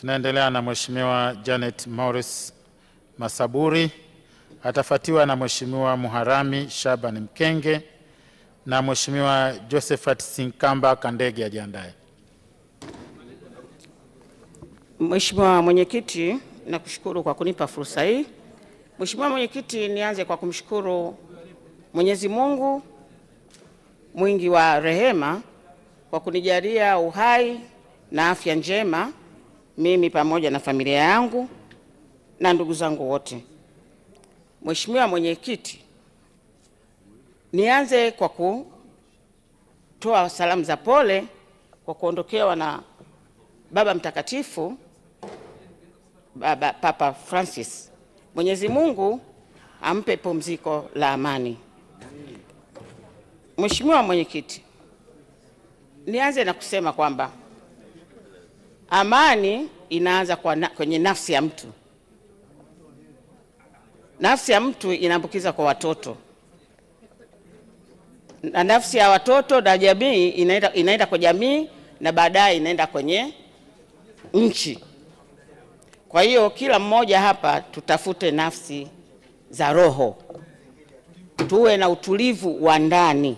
Tunaendelea na Mheshimiwa Janet Morris Masaburi, atafuatiwa na Mheshimiwa Muharami Shaban Mkenge na Mheshimiwa Josephat Sinkamba Kandege ajiandaye. Mheshimiwa Mwenyekiti, nakushukuru kwa kunipa fursa hii. Mheshimiwa Mwenyekiti, nianze kwa kumshukuru Mwenyezi Mungu mwingi wa rehema kwa kunijalia uhai na afya njema mimi pamoja na familia yangu na ndugu zangu wote. Mheshimiwa Mwenyekiti, nianze kwa kutoa salamu za pole kwa kuondokewa na Baba Mtakatifu Baba Papa Francis. Mwenyezi Mungu ampe pumziko la amani. Mheshimiwa Mwenyekiti, nianze na kusema kwamba Amani inaanza kwa na, kwenye nafsi ya mtu. Nafsi ya mtu inaambukiza kwa watoto na nafsi ya watoto na jamii inaenda, inaenda kwa jamii na baadaye inaenda kwenye nchi. Kwa hiyo kila mmoja hapa tutafute nafsi za roho, tuwe na utulivu wa ndani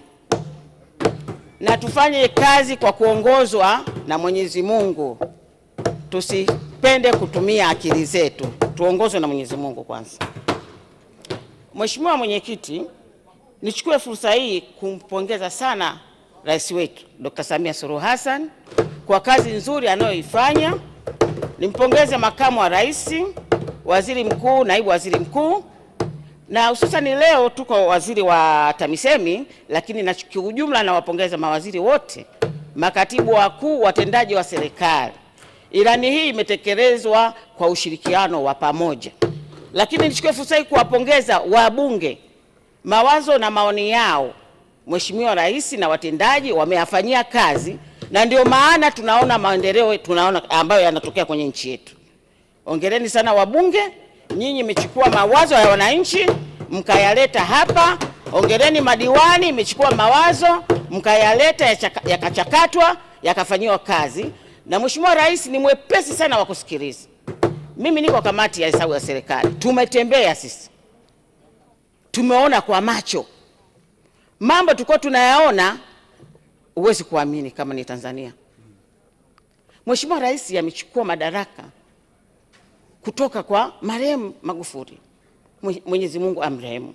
na tufanye kazi kwa kuongozwa na Mwenyezi Mungu tusipende kutumia akili zetu, tuongozwe na Mwenyezi Mungu kwanza. Mheshimiwa Mwenyekiti, nichukue fursa hii kumpongeza sana rais wetu Dr. Samia Suluhu Hassan kwa kazi nzuri anayoifanya. Nimpongeze makamu wa rais, waziri mkuu, naibu waziri mkuu na hususani leo tuko waziri wa TAMISEMI, lakini na kiujumla nawapongeza mawaziri wote, makatibu wakuu, watendaji wa serikali. Ilani hii imetekelezwa kwa ushirikiano wa pamoja, lakini nichukue fursa hii kuwapongeza wabunge. Mawazo na maoni yao Mheshimiwa Rais na watendaji wameyafanyia kazi, na ndio maana tunaona maendeleo tunaona ambayo yanatokea kwenye nchi yetu. Ongereni sana wabunge, nyinyi mmechukua mawazo ya wananchi mkayaleta hapa. Ongereni madiwani, mmechukua mawazo mkayaleta yakachakatwa yakafanyiwa kazi na Mheshimiwa Rais ni mwepesi sana wa kusikiliza. Mimi niko kamati ya hesabu ya serikali, tumetembea sisi, tumeona kwa macho mambo tulikuwa tunayaona, huwezi kuamini kama ni Tanzania. Mheshimiwa Rais amechukua madaraka kutoka kwa marehemu Magufuli, Mwenyezi Mungu amrehemu.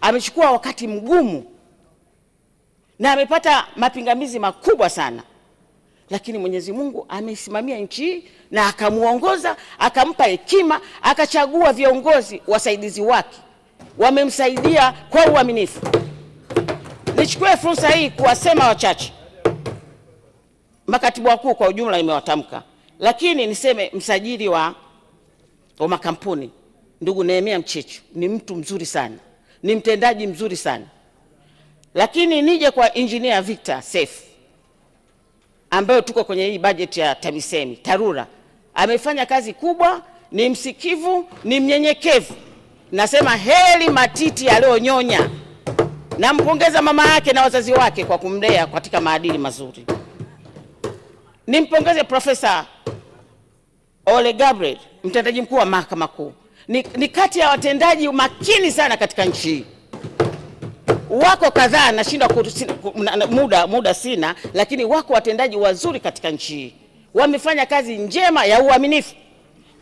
Amechukua wakati mgumu na amepata mapingamizi makubwa sana lakini Mwenyezi Mungu ameisimamia nchi hii na akamuongoza, akampa hekima, akachagua viongozi wasaidizi wake, wamemsaidia kwa uaminifu. Nichukue fursa hii kuwasema wachache, makatibu wakuu kwa ujumla nimewatamka, lakini niseme msajili wa, wa makampuni ndugu Nehemia Mchechu ni mtu mzuri sana, ni mtendaji mzuri sana, lakini nije kwa engineer Victor Safe ambayo tuko kwenye hii bajeti ya TAMISEMI, TARURA amefanya kazi kubwa, ni msikivu, ni mnyenyekevu. Nasema heli matiti aliyonyonya. Nampongeza mama yake na wazazi wake kwa kumlea katika maadili mazuri. Nimpongeze Profesa Ole Gabriel, mtendaji mkuu wa mahakama kuu, ni, ni kati ya watendaji makini sana katika nchi hii wako kadhaa, nashindwa muda, muda sina, lakini wako watendaji wazuri katika nchi hii, wamefanya kazi njema ya uaminifu.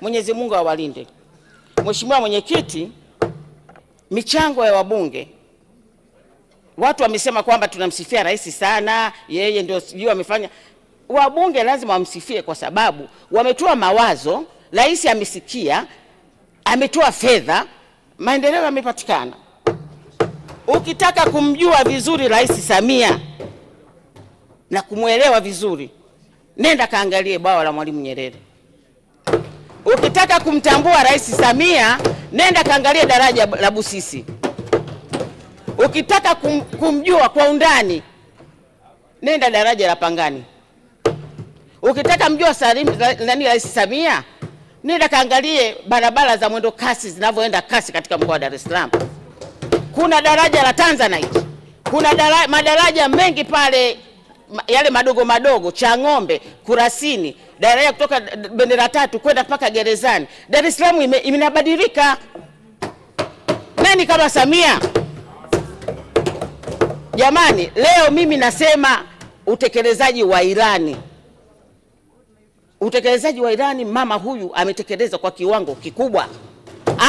Mwenyezi Mungu awalinde. Mheshimiwa Mwenyekiti, michango ya wabunge Watu wamesema kwamba tunamsifia rais sana, yeye ndio sijui amefanya. Wabunge lazima wamsifie kwa sababu wametoa mawazo, rais amesikia, ametoa fedha, maendeleo yamepatikana. Ukitaka kumjua vizuri Rais Samia na kumwelewa vizuri, nenda kaangalie bwawa la Mwalimu Nyerere. Ukitaka kumtambua Rais Samia, nenda kaangalie daraja la Busisi. Ukitaka kum, kumjua kwa undani, nenda daraja la Pangani. Ukitaka mjua Salim, nani Rais Samia, nenda kaangalie barabara za mwendo kasi zinavyoenda kasi katika mkoa wa Dar es Salaam. Kuna daraja la Tanzanite, kuna daraja, madaraja mengi pale yale madogo madogo Chang'ombe, Kurasini, daraja kutoka bendera tatu kwenda mpaka gerezani. Dar es Salaam imebadilika. Nani kama Samia? Jamani, leo mimi nasema utekelezaji wa ilani utekelezaji wa ilani, mama huyu ametekeleza kwa kiwango kikubwa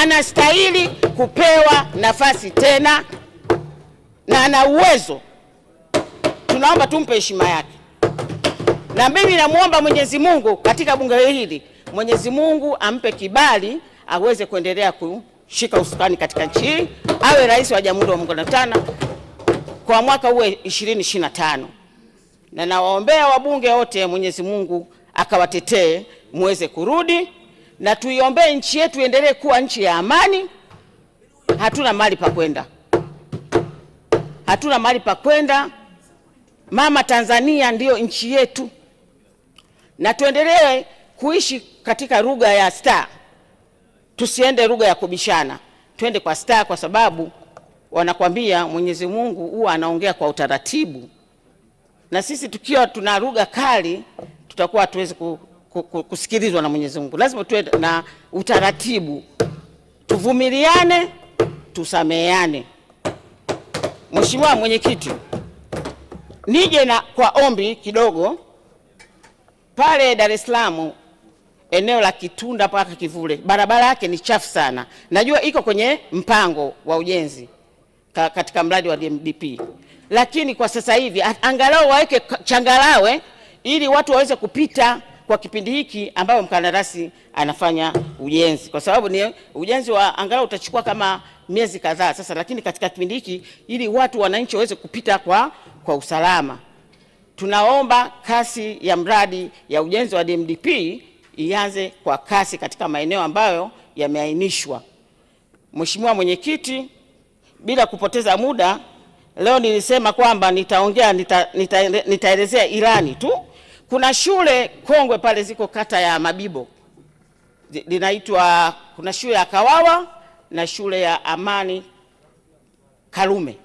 anastahili kupewa nafasi tena na ana uwezo, tunaomba tumpe heshima yake. Na mimi namwomba Mwenyezi Mungu katika bunge hili, Mwenyezi Mungu ampe kibali aweze kuendelea kushika usukani katika nchi hii, awe rais wa Jamhuri ya Muungano wa kwa mwaka uwe 2025 na nawaombea wabunge wote, Mwenyezi Mungu akawatetee muweze kurudi na tuiombee nchi yetu iendelee kuwa nchi ya amani. Hatuna mali pa kwenda, hatuna mali pa kwenda. Mama Tanzania ndiyo nchi yetu, na tuendelee kuishi katika lugha ya star, tusiende lugha ya kubishana, twende kwa star, kwa sababu wanakwambia Mwenyezi Mungu huwa anaongea kwa utaratibu, na sisi tukiwa tuna lugha kali tutakuwa hatuwezi ku kusikilizwa na Mwenyezi Mungu. Lazima tuwe na utaratibu, tuvumiliane, tusameheane. Mheshimiwa Mwenyekiti, nije na kwa ombi kidogo pale Dar es Salaam eneo la Kitunda mpaka Kivule, barabara yake ni chafu sana. Najua iko kwenye mpango wa ujenzi ka, katika mradi wa DMDP, lakini kwa sasa hivi angalau waweke changarawe ili watu waweze kupita kwa kipindi hiki ambayo mkandarasi anafanya ujenzi, kwa sababu ni ujenzi wa angalau utachukua kama miezi kadhaa sasa, lakini katika kipindi hiki ili watu wananchi waweze kupita kwa, kwa usalama, tunaomba kasi ya mradi ya ujenzi wa DMDP ianze kwa kasi katika maeneo ambayo yameainishwa. Mheshimiwa Mwenyekiti, bila kupoteza muda, leo nilisema kwamba nitaongea nitaelezea nita, nita ilani tu kuna shule kongwe pale ziko kata ya Mabibo linaitwa, kuna shule ya Kawawa na shule ya Amani Karume.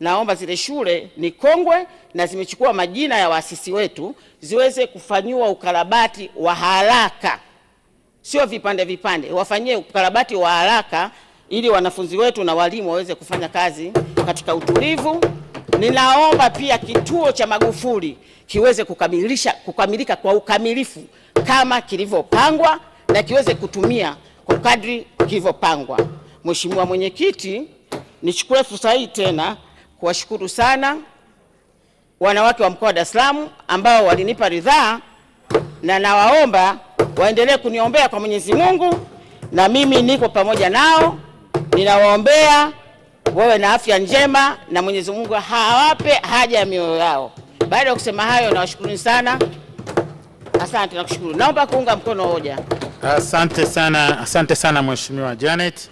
Naomba zile shule ni kongwe na zimechukua majina ya waasisi wetu ziweze kufanyiwa ukarabati wa haraka, sio vipande vipande, wafanyie ukarabati wa haraka ili wanafunzi wetu na walimu waweze kufanya kazi katika utulivu. Ninaomba pia kituo cha Magufuli kiweze kukamilisha kukamilika kwa ukamilifu kama kilivyopangwa na kiweze kutumia kwa kadri kilivyopangwa. Mheshimiwa Mwenyekiti, nichukue fursa hii tena kuwashukuru sana wanawake wa mkoa wa Dar es Salaam ambao walinipa ridhaa, na nawaomba waendelee kuniombea kwa Mwenyezi Mungu, na mimi niko pamoja nao, ninawaombea wawe na afya njema na Mwenyezi Mungu hawape haja ya mioyo yao. Baada ya kusema hayo, nawashukuruni sana. Asante, nakushukuru. Naomba kuunga mkono hoja. Asante sana, asante sana Mheshimiwa Janet.